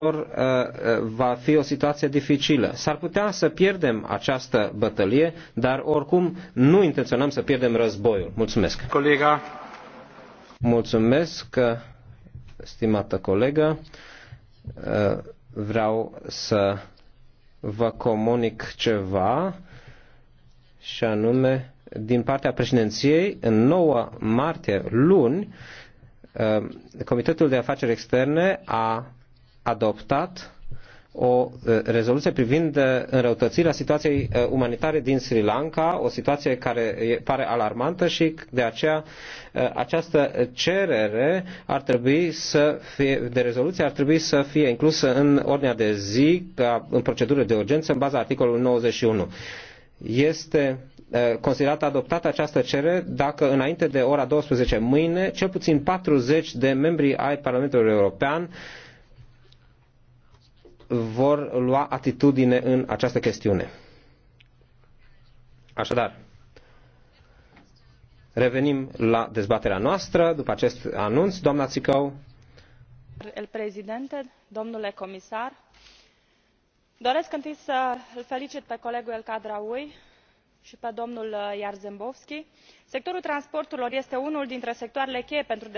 Uh, uh, va fi o situație dificilă. S-ar putea să pierdem această bătălie, dar oricum nu intenționăm să pierdem războiul. Mulțumesc. Colega. Mulțumesc, stimată colegă. Uh, vreau să vă comunic ceva și anume din partea președinției în 9 martie luni Comitetul de Afaceri Externe a adoptat o rezoluție privind înrăutățirea situației umanitare din Sri Lanka, o situație care pare alarmantă și de aceea această cerere ar trebui să fie, de rezoluție ar trebui să fie inclusă în ordinea de zi ca în procedură de urgență în baza articolului 91. Este considerată adoptată această cerere dacă înainte de ora 12 mâine cel puțin 40 de membri ai Parlamentului European vor lua atitudine în această chestiune. Așadar, revenim la dezbaterea noastră după acest anunț. Doamna Țicău. El președinte, domnule comisar, doresc întâi să îl felicit pe colegul el Cadraui și pe domnul Iarzembovski. sectorul transporturilor este unul dintre sectoarele cheie pentru